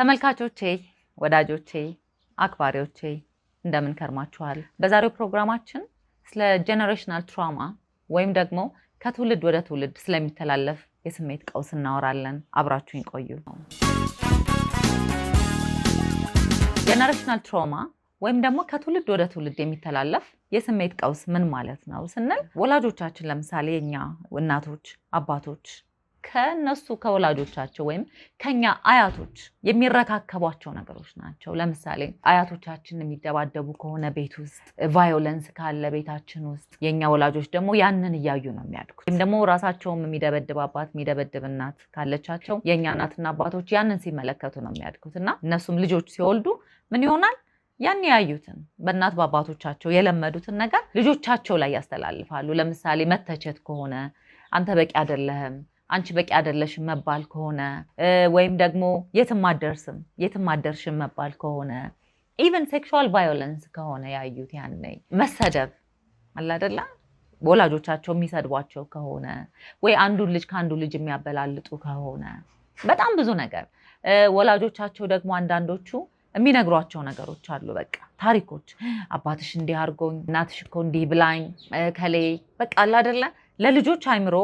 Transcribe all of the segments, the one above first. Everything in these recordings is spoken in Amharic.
ተመልካቾቼ፣ ወዳጆቼ፣ አክባሪዎቼ እንደምን ከርማችኋል? በዛሬው ፕሮግራማችን ስለ ጀነሬሽናል ትራውማ ወይም ደግሞ ከትውልድ ወደ ትውልድ ስለሚተላለፍ የስሜት ቀውስ እናወራለን። አብራችሁን ይቆዩ። ጀነሬሽናል ትራውማ ወይም ደግሞ ከትውልድ ወደ ትውልድ የሚተላለፍ የስሜት ቀውስ ምን ማለት ነው ስንል ወላጆቻችን ለምሳሌ የኛ እናቶች፣ አባቶች ከነሱ ከወላጆቻቸው ወይም ከኛ አያቶች የሚረካከቧቸው ነገሮች ናቸው። ለምሳሌ አያቶቻችን የሚደባደቡ ከሆነ ቤት ውስጥ ቫዮለንስ ካለ ቤታችን ውስጥ የኛ ወላጆች ደግሞ ያንን እያዩ ነው የሚያድጉት። ወይም ደግሞ ራሳቸውም የሚደበድብ አባት የሚደበድብ እናት ካለቻቸው የእኛ እናትና አባቶች ያንን ሲመለከቱ ነው የሚያድጉት እና እነሱም ልጆች ሲወልዱ ምን ይሆናል ያን ያዩትን በእናት በአባቶቻቸው የለመዱትን ነገር ልጆቻቸው ላይ ያስተላልፋሉ። ለምሳሌ መተቸት ከሆነ አንተ በቂ አይደለህም አንቺ በቂ አይደለሽም መባል ከሆነ ወይም ደግሞ የትም አደርስም የትም አደርሽም መባል ከሆነ ኢቨን ሴክሹዋል ቫዮለንስ ከሆነ ያዩት ያኔ መሰደብ አለ ወላጆቻቸው የሚሰድቧቸው ከሆነ ወይ አንዱን ልጅ ከአንዱ ልጅ የሚያበላልጡ ከሆነ በጣም ብዙ ነገር ወላጆቻቸው ደግሞ አንዳንዶቹ የሚነግሯቸው ነገሮች አሉ። በቃ ታሪኮች አባትሽ እንዲህ አድርጎኝ፣ እናትሽ እኮ እንዲህ ብላኝ ከሌ በቃ አለ ለልጆች አይምሮ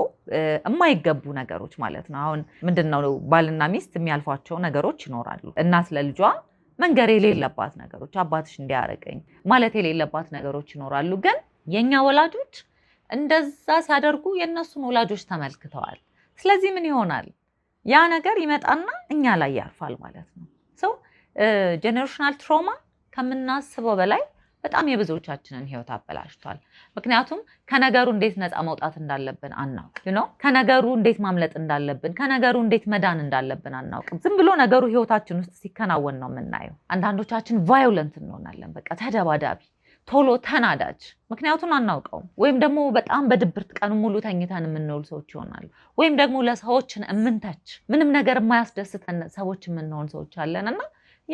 የማይገቡ ነገሮች ማለት ነው። አሁን ምንድነው ባልና ሚስት የሚያልፏቸው ነገሮች ይኖራሉ። እናት ለልጇ መንገር የሌለባት ነገሮች፣ አባትሽ እንዲያረገኝ ማለት የሌለባት ነገሮች ይኖራሉ። ግን የእኛ ወላጆች እንደዛ ሲያደርጉ የእነሱን ወላጆች ተመልክተዋል። ስለዚህ ምን ይሆናል? ያ ነገር ይመጣና እኛ ላይ ያርፋል ማለት ነው። ሰው ጀኔሬሽናል ትራውማ ከምናስበው በላይ በጣም የብዙዎቻችንን ህይወት አበላሽቷል። ምክንያቱም ከነገሩ እንዴት ነፃ መውጣት እንዳለብን አናውቅ ነው። ከነገሩ እንዴት ማምለጥ እንዳለብን፣ ከነገሩ እንዴት መዳን እንዳለብን አናውቅም። ዝም ብሎ ነገሩ ህይወታችን ውስጥ ሲከናወን ነው የምናየው። አንዳንዶቻችን ቫዮለንት እንሆናለን። በቃ ተደባዳቢ፣ ቶሎ ተናዳጅ፣ ምክንያቱን አናውቀውም። ወይም ደግሞ በጣም በድብርት ቀኑ ሙሉ ተኝተን የምንውል ሰዎች ይሆናሉ። ወይም ደግሞ ለሰዎችን እምንተች፣ ምንም ነገር የማያስደስተን ሰዎች የምንሆን ሰዎች አለን እና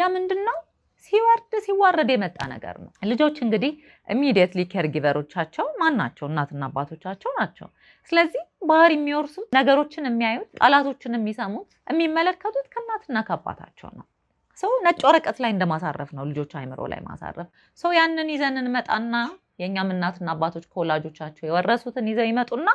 ያ ምንድን ነው ሲወርድ ሲዋረድ የመጣ ነገር ነው። ልጆች እንግዲህ ኢሚዲየትሊ ኬር ጊቨሮቻቸው ማን ናቸው? እናትና አባቶቻቸው ናቸው። ስለዚህ ባህሪ የሚወርሱት ነገሮችን የሚያዩት ቃላቶችን የሚሰሙት የሚመለከቱት ከእናትና ከአባታቸው ነው። ሰው ነጭ ወረቀት ላይ እንደማሳረፍ ነው ልጆች አይምሮ ላይ ማሳረፍ። ሰው ያንን ይዘን እንመጣና የእኛም እናትና አባቶች ከወላጆቻቸው የወረሱትን ይዘው ይመጡና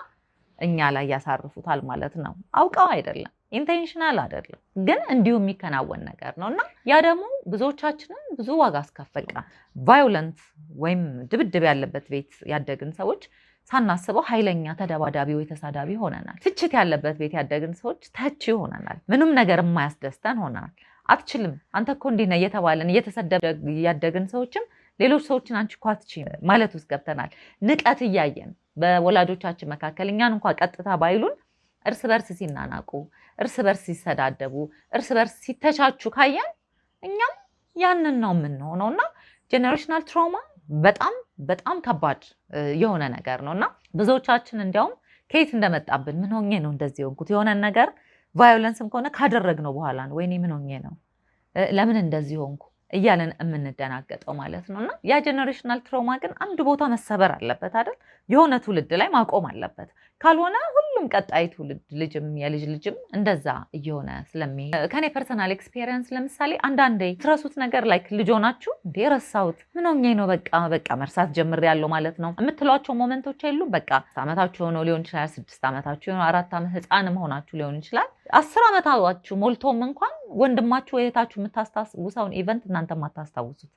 እኛ ላይ ያሳርፉታል ማለት ነው። አውቀው አይደለም ኢንቴንሽናል አይደለም ግን እንዲሁ የሚከናወን ነገር ነው እና ያ ደግሞ ብዙዎቻችንን ብዙ ዋጋ አስከፍሎናል። ቫዮለንት ወይም ድብድብ ያለበት ቤት ያደግን ሰዎች ሳናስበው ኃይለኛ ተደባዳቢ ወይ ተሳዳቢ ሆነናል። ትችት ያለበት ቤት ያደግን ሰዎች ተቺ ሆነናል። ምንም ነገር የማያስደስተን ሆነናል። አትችልም፣ አንተ እኮ እንዲህ ነህ እየተባለን እየተሰደብ ያደግን ሰዎችም ሌሎች ሰዎችን አንቺ እኮ ማለት ውስጥ ገብተናል። ንቀት እያየን በወላጆቻችን መካከል እኛን እንኳ ቀጥታ ባይሉን እርስ በርስ ሲናናቁ፣ እርስ በርስ ሲሰዳደቡ፣ እርስ በርስ ሲተቻቹ ካየን እኛም ያንን ነው የምንሆነው እና ጀኔሬሽናል ትራውማ በጣም በጣም ከባድ የሆነ ነገር ነው እና ብዙዎቻችን እንዲያውም ከየት እንደመጣብን ምን ሆኜ ነው እንደዚህ ሆንኩት የሆነን ነገር ቫዮለንስም ከሆነ ካደረግነው በኋላ ነው ወይኔ ምን ሆኜ ነው ለምን እንደዚህ ሆንኩ እያለን የምንደናገጠው ማለት ነው እና ያ ጀኔሬሽናል ትራውማ ግን አንድ ቦታ መሰበር አለበት አይደል? የሆነ ትውልድ ላይ ማቆም አለበት። ካልሆነ ሁሉም ቀጣይ ትውልድ ልጅም የልጅ ልጅም እንደዛ እየሆነ ስለሚሄድ ከኔ ፐርሰናል ኤክስፔሪንስ ለምሳሌ አንዳንዴ ትረሱት ነገር ላይክ ልጆ ናችሁ እንዴ ረሳሁት ምኖኛ ነው በቃ በቃ መርሳት ጀምር ያለው ማለት ነው የምትሏቸው ሞመንቶች የሉም። በቃ ዓመታችሁ ሆኖ ሊሆን ይችላል፣ ስድስት ዓመታችሁ ሆኖ አራት ዓመት ህፃን መሆናችሁ ሊሆን ይችላል። አስር ዓመታችሁ ሞልቶም እንኳን ወንድማችሁ እህታችሁ የምታስታውሰውን ኢቨንት እናንተ ማታስታውሱት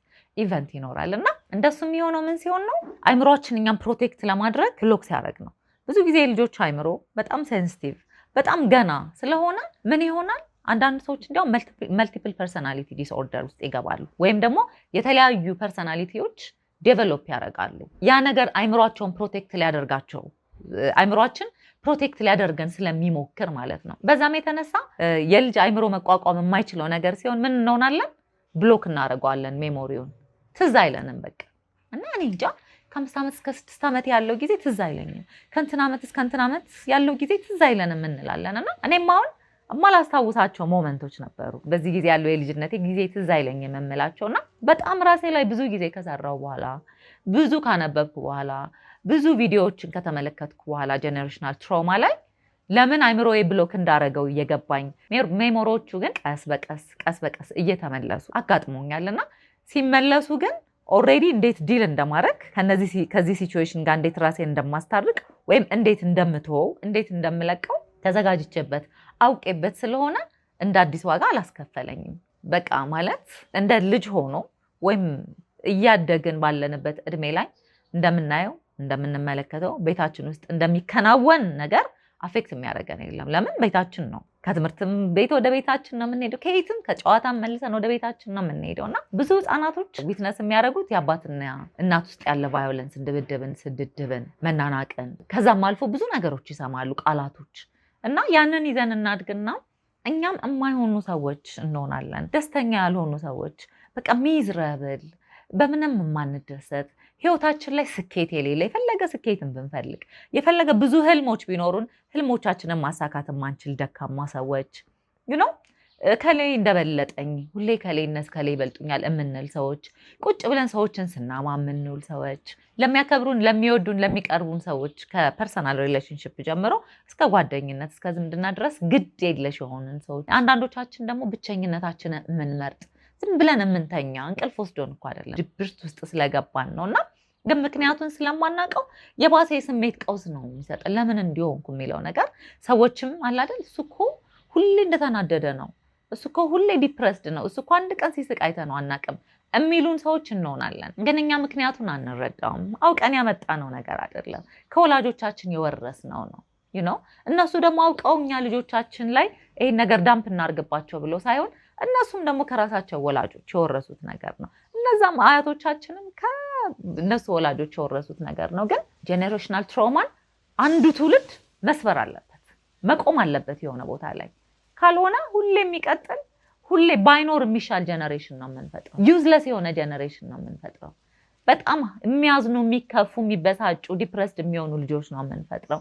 ኢቨንት ይኖራል እና እንደሱ የሚሆነው ምን ሲሆን ነው? አይምሯችን እኛም ፕሮቴክት ለማድረግ ብሎክ ሲያደርግ ነው። ብዙ ጊዜ ልጆች አይምሮ በጣም ሴንስቲቭ በጣም ገና ስለሆነ ምን ይሆናል አንዳንድ ሰዎች እንዲያውም መልቲፕል ፐርሰናሊቲ ዲስኦርደር ውስጥ ይገባሉ፣ ወይም ደግሞ የተለያዩ ፐርሰናሊቲዎች ዴቨሎፕ ያደርጋሉ። ያ ነገር አይምሯቸውን ፕሮቴክት ሊያደርጋቸው አይምሯችን ፕሮቴክት ሊያደርገን ስለሚሞክር ማለት ነው። በዛም የተነሳ የልጅ አይምሮ መቋቋም የማይችለው ነገር ሲሆን ምን እንሆናለን? ብሎክ እናደርገዋለን። ሜሞሪውን ትዝ አይለንም በቃ እና እኔ እንጃ ከአምስት ዓመት እስከ ስድስት ዓመት ያለው ጊዜ ትዝ አይለኝም፣ ከእንትን ዓመት እስከ እንትን ዓመት ያለው ጊዜ ትዝ አይለንም እንላለን እና እኔም አሁን የማላስታውሳቸው ሞመንቶች ነበሩ። በዚህ ጊዜ ያለው የልጅነት ጊዜ ትዝ አይለኝም የምላቸው እና በጣም ራሴ ላይ ብዙ ጊዜ ከሰራው በኋላ ብዙ ካነበብኩ በኋላ ብዙ ቪዲዮዎችን ከተመለከትኩ በኋላ ጀኔሬሽናል ትራውማ ላይ ለምን አይምሮዬ ብሎክ እንዳረገው እየገባኝ ሜሞሮቹ ግን ቀስ በቀስ ቀስ በቀስ እየተመለሱ እና ሲመለሱ ግን ኦልሬዲ እንዴት ዲል እንደማድረግ ከዚህ ሲቹዌሽን ጋር እንዴት ራሴን እንደማስታርቅ ወይም እንዴት እንደምትወው እንዴት እንደምለቀው ተዘጋጅቼበት አውቄበት ስለሆነ እንደ አዲስ ዋጋ አላስከፈለኝም። በቃ ማለት እንደ ልጅ ሆኖ ወይም እያደግን ባለንበት እድሜ ላይ እንደምናየው እንደምንመለከተው ቤታችን ውስጥ እንደሚከናወን ነገር አፌክት የሚያደርገን የለም። ለምን ቤታችን ነው። ከትምህርትም ቤት ወደ ቤታችን ነው የምንሄደው። ከየትም ከጨዋታም መልሰን ወደ ቤታችን ነው የምንሄደው እና ብዙ ህጻናቶች ዊትነስ የሚያደርጉት የአባትና እናት ውስጥ ያለ ቫዮለንስ፣ ድብድብን፣ ስድድብን፣ መናናቅን ከዛም አልፎ ብዙ ነገሮች ይሰማሉ፣ ቃላቶች እና ያንን ይዘን እናድግና እኛም የማይሆኑ ሰዎች እንሆናለን። ደስተኛ ያልሆኑ ሰዎች በቃ ሚዝረብል በምንም የማንደሰት ህይወታችን ላይ ስኬት የሌለ የፈለገ ስኬትን ብንፈልግ የፈለገ ብዙ ህልሞች ቢኖሩን ህልሞቻችንን ማሳካት ማንችል ደካማ ሰዎች ነው። ከሌ እንደበለጠኝ ሁሌ ከሌነስ ከሌ ይበልጡኛል የምንል ሰዎች፣ ቁጭ ብለን ሰዎችን ስናማ የምንውል ሰዎች፣ ለሚያከብሩን፣ ለሚወዱን፣ ለሚቀርቡን ሰዎች ከፐርሰናል ሪሌሽንሽፕ ጀምሮ እስከ ጓደኝነት እስከ ዝምድና ድረስ ግድ የለሽ የሆንን ሰዎች፣ አንዳንዶቻችን ደግሞ ብቸኝነታችን የምንመርጥ ዝም ብለን የምንተኛ እንቅልፍ ወስዶን እኮ አይደለም ድብርት ውስጥ ስለገባን ነው እና ግን ምክንያቱን ስለማናውቀው የባሰ የስሜት ቀውስ ነው የሚሰጠን። ለምን እንዲሆንኩ የሚለው ነገር ሰዎችም አላደል እሱ እኮ ሁሌ እንደተናደደ ነው፣ እሱ እኮ ሁሌ ዲፕረስድ ነው፣ እሱ እኮ አንድ ቀን ሲስቅ አይተነው አናውቅም የሚሉን ሰዎች እንሆናለን። ግን እኛ ምክንያቱን አንረዳውም። አውቀን ያመጣነው ነገር አይደለም፣ ከወላጆቻችን የወረስነው ነው ነው እነሱ ደግሞ አውቀው እኛ ልጆቻችን ላይ ይሄን ነገር ዳምፕ እናርግባቸው ብሎ ሳይሆን እነሱም ደግሞ ከራሳቸው ወላጆች የወረሱት ነገር ነው። እነዛም አያቶቻችንም እነሱ ወላጆች የወረሱት ነገር ነው። ግን ጄኔሬሽናል ትራውማን አንዱ ትውልድ መስበር አለበት፣ መቆም አለበት የሆነ ቦታ ላይ ካልሆነ ሁሌ የሚቀጥል ሁሌ ባይኖር የሚሻል ጀነሬሽን ነው የምንፈጥረው። ዩዝለስ የሆነ ጀነሬሽን ነው የምንፈጥረው። በጣም የሚያዝኑ፣ የሚከፉ፣ የሚበሳጩ ዲፕረስድ የሚሆኑ ልጆች ነው የምንፈጥረው።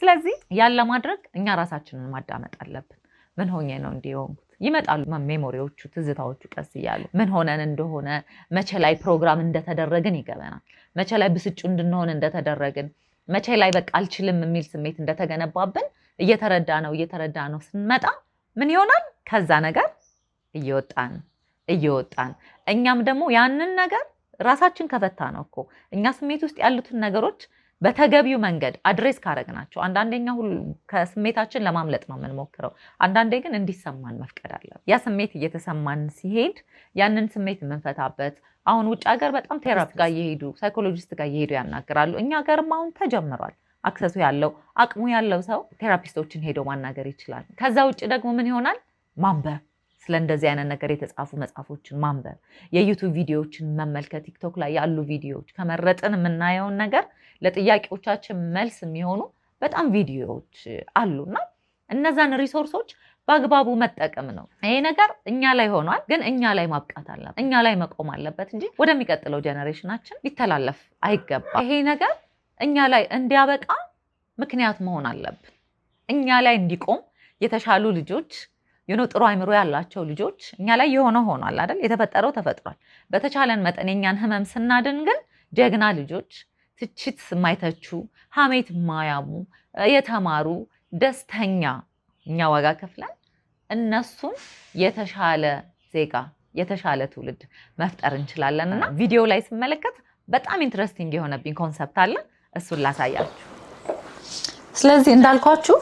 ስለዚህ ያን ለማድረግ እኛ ራሳችንን ማዳመጥ አለብን። ምን ሆኜ ነው እንዲህ ይመጣሉ ሜሞሪዎቹ፣ ትዝታዎቹ ቀስ እያሉ ምን ሆነን እንደሆነ መቼ ላይ ፕሮግራም እንደተደረግን ይገበናል። መቼ ላይ ብስጩ እንድንሆን እንደተደረግን፣ መቼ ላይ በቃ አልችልም የሚል ስሜት እንደተገነባብን እየተረዳ ነው እየተረዳ ነው ስንመጣ ምን ይሆናል? ከዛ ነገር እየወጣን እየወጣን እኛም ደግሞ ያንን ነገር ራሳችን ከፈታ ነው እኮ እኛ ስሜት ውስጥ ያሉትን ነገሮች በተገቢው መንገድ አድሬስ ናቸው። አንዳንደኛ ሁሉ ከስሜታችን ለማምለጥ ነው የምንሞክረው። አንዳንዴ ግን እንዲሰማን መፍቀድ አለ። ያ ስሜት እየተሰማን ሲሄድ ያንን ስሜት የምንፈታበት አሁን ውጭ ሀገር በጣም ቴራፒ ጋር እየሄዱ ሳይኮሎጂስት ጋር እየሄዱ ያናግራሉ። እኛ ሀገርም አሁን ተጀምሯል። አክሰሱ ያለው አቅሙ ያለው ሰው ቴራፒስቶችን ሄዶ ማናገር ይችላል። ከዛ ውጭ ደግሞ ምን ይሆናል ማንበብ ስለ እንደዚህ አይነት ነገር የተጻፉ መጽሐፎችን ማንበብ፣ የዩቱብ ቪዲዮዎችን መመልከት፣ ቲክቶክ ላይ ያሉ ቪዲዮዎች ከመረጥን የምናየውን ነገር ለጥያቄዎቻችን መልስ የሚሆኑ በጣም ቪዲዮዎች አሉና እነዛን ሪሶርሶች በአግባቡ መጠቀም ነው። ይሄ ነገር እኛ ላይ ሆኗል፣ ግን እኛ ላይ ማብቃት አለበት፣ እኛ ላይ መቆም አለበት እንጂ ወደሚቀጥለው ጀኔሬሽናችን ሊተላለፍ አይገባ ይሄ ነገር እኛ ላይ እንዲያበቃ ምክንያት መሆን አለብን። እኛ ላይ እንዲቆም የተሻሉ ልጆች የሆነ ጥሩ አይምሮ ያላቸው ልጆች እኛ ላይ የሆነ ሆኗል አይደል? የተፈጠረው ተፈጥሯል። በተቻለን መጠን የኛን ህመም ስናድን ግን ጀግና ልጆች፣ ትችት የማይተቹ ሀሜት የማያሙ የተማሩ ደስተኛ እኛ ዋጋ ከፍለን እነሱን የተሻለ ዜጋ የተሻለ ትውልድ መፍጠር እንችላለን እና ቪዲዮ ላይ ስመለከት በጣም ኢንትረስቲንግ የሆነብኝ ኮንሰፕት አለ። እሱን ላሳያችሁ። ስለዚህ እንዳልኳችሁ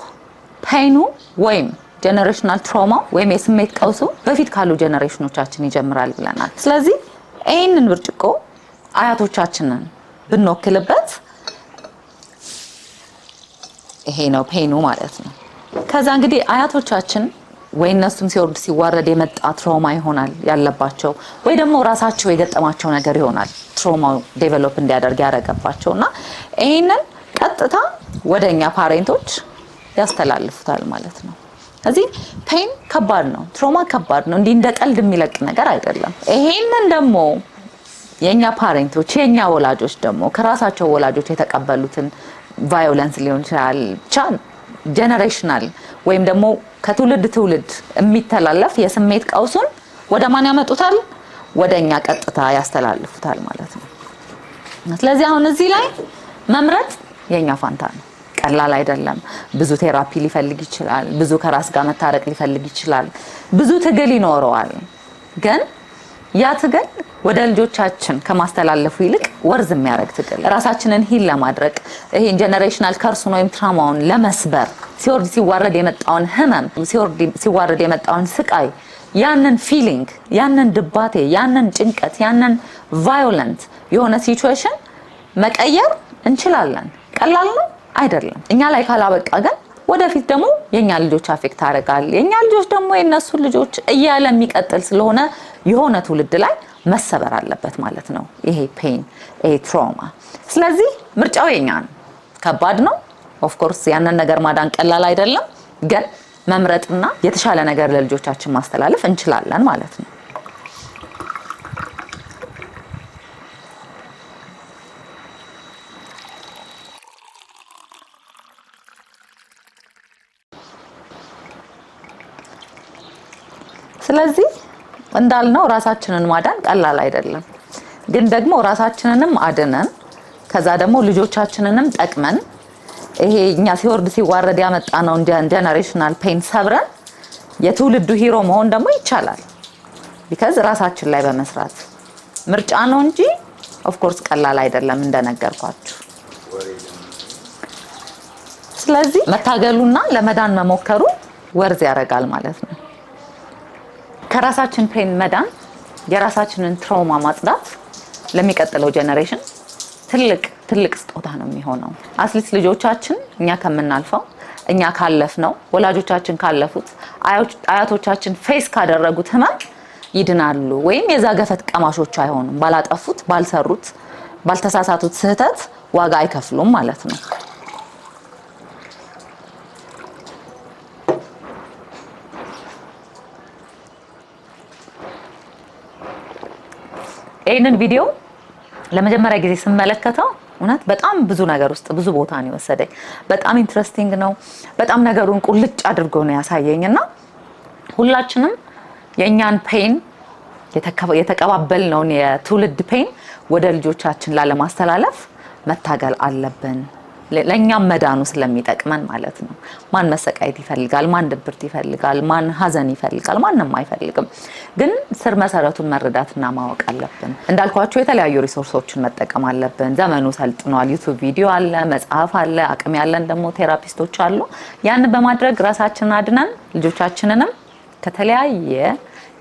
ፔኑ ወይም ጀነሬሽናል ትራውማ ወይም የስሜት ቀውሱ በፊት ካሉ ጀነሬሽኖቻችን ይጀምራል ብለናል። ስለዚህ ይህንን ብርጭቆ አያቶቻችንን ብንወክልበት ይሄ ነው ፔኑ ማለት ነው። ከዛ እንግዲህ አያቶቻችን ወይ እነሱም ሲወርድ ሲዋረድ የመጣ ትራውማ ይሆናል ያለባቸው፣ ወይ ደግሞ ራሳቸው የገጠማቸው ነገር ይሆናል ትራውማው ዴቨሎፕ እንዲያደርግ ያደረገባቸው እና ይህንን ቀጥታ ወደ እኛ ፓሬንቶች ያስተላልፉታል ማለት ነው። እዚህ ፔን ከባድ ነው፣ ትሮማ ከባድ ነው። እንዲህ እንደ ቀልድ የሚለቅ ነገር አይደለም። ይሄንን ደግሞ የእኛ ፓሬንቶች የእኛ ወላጆች ደግሞ ከራሳቸው ወላጆች የተቀበሉትን ቫዮለንስ ሊሆን ይችላል ብቻ ጀነሬሽናል ወይም ደግሞ ከትውልድ ትውልድ የሚተላለፍ የስሜት ቀውሱን ወደ ማን ያመጡታል? ወደ እኛ ቀጥታ ያስተላልፉታል ማለት ነው። ስለዚህ አሁን እዚህ ላይ መምረጥ የእኛ ፋንታ ነው። ቀላል አይደለም። ብዙ ቴራፒ ሊፈልግ ይችላል። ብዙ ከራስ ጋር መታረቅ ሊፈልግ ይችላል። ብዙ ትግል ይኖረዋል። ግን ያ ትግል ወደ ልጆቻችን ከማስተላለፉ ይልቅ ወርዝ የሚያደርግ ትግል ራሳችንን ሂል ለማድረግ ይሄን ጀኔሬሽናል ከርሱን ወይም ትራማውን ለመስበር ሲወርድ ሲዋረድ የመጣውን ህመም ሲወርድ ሲዋረድ የመጣውን ስቃይ ያንን ፊሊንግ ያንን ድባቴ ያንን ጭንቀት ያንን ቫዮለንት የሆነ ሲቹዌሽን መቀየር እንችላለን። ቀላል ነው። አይደለም። እኛ ላይ ካላበቃ ግን ወደፊት ደግሞ የእኛ ልጆች አፌክት አደርጋል፣ የእኛ ልጆች ደግሞ የእነሱ ልጆች እያለ የሚቀጥል ስለሆነ የሆነ ትውልድ ላይ መሰበር አለበት ማለት ነው ይሄ ፔን፣ ይሄ ትራውማ። ስለዚህ ምርጫው የኛ ነው። ከባድ ነው ኦፍኮርስ፣ ያንን ነገር ማዳን ቀላል አይደለም፣ ግን መምረጥና የተሻለ ነገር ለልጆቻችን ማስተላለፍ እንችላለን ማለት ነው። ስለዚህ እንዳልነው ራሳችንን ማዳን ቀላል አይደለም። ግን ደግሞ ራሳችንንም አድነን ከዛ ደግሞ ልጆቻችንንም ጠቅመን ይሄ እኛ ሲወርድ ሲዋረድ ያመጣ ነው ጀነሬሽናል ፔን ሰብረን የትውልዱ ሂሮ መሆን ደግሞ ይቻላል። ቢከዝ ራሳችን ላይ በመስራት ምርጫ ነው እንጂ ኦፍኮርስ ቀላል አይደለም እንደነገርኳችሁ። ስለዚህ መታገሉና ለመዳን መሞከሩ ወርዝ ያደርጋል ማለት ነው። ከራሳችን ፔን መዳን፣ የራሳችንን ትራውማ ማጽዳት ለሚቀጥለው ጀኔሬሽን ትልቅ ትልቅ ስጦታ ነው የሚሆነው። አትሊስት ልጆቻችን እኛ ከምናልፈው እኛ ካለፍ ነው ወላጆቻችን ካለፉት አያቶቻችን ፌስ ካደረጉት ህመም ይድናሉ፣ ወይም የዛ ገፈት ቀማሾች አይሆኑም። ባላጠፉት፣ ባልሰሩት፣ ባልተሳሳቱት ስህተት ዋጋ አይከፍሉም ማለት ነው። ይህንን ቪዲዮ ለመጀመሪያ ጊዜ ስመለከተው እውነት በጣም ብዙ ነገር ውስጥ ብዙ ቦታ ነው የወሰደኝ። በጣም ኢንትረስቲንግ ነው። በጣም ነገሩን ቁልጭ አድርጎ ነው ያሳየኝ እና ሁላችንም የእኛን ፔን የተቀባበልነውን የትውልድ ፔን ወደ ልጆቻችን ላለማስተላለፍ መታገል አለብን። ለእኛም መዳኑ ስለሚጠቅመን ማለት ነው። ማን መሰቃየት ይፈልጋል? ማን ድብርት ይፈልጋል? ማን ሀዘን ይፈልጋል? ማንም አይፈልግም። ግን ስር መሰረቱን መረዳትና ማወቅ አለብን። እንዳልኳቸው የተለያዩ ሪሶርሶችን መጠቀም አለብን። ዘመኑ ሰልጥኗል። ዩቱብ ቪዲዮ አለ፣ መጽሐፍ አለ፣ አቅም ያለን ደግሞ ቴራፒስቶች አሉ። ያንን በማድረግ ራሳችንን አድነን ልጆቻችንንም ከተለያየ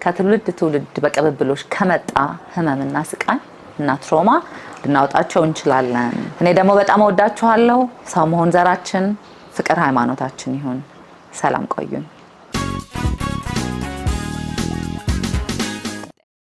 ከትውልድ ትውልድ በቅብብሎች ከመጣ ህመምና ስቃይ እና ትሮማ ልናወጣቸው እንችላለን። እኔ ደግሞ በጣም እወዳችኋለሁ። ሰው መሆን ዘራችን፣ ፍቅር ሃይማኖታችን ይሁን። ሰላም ቆዩን።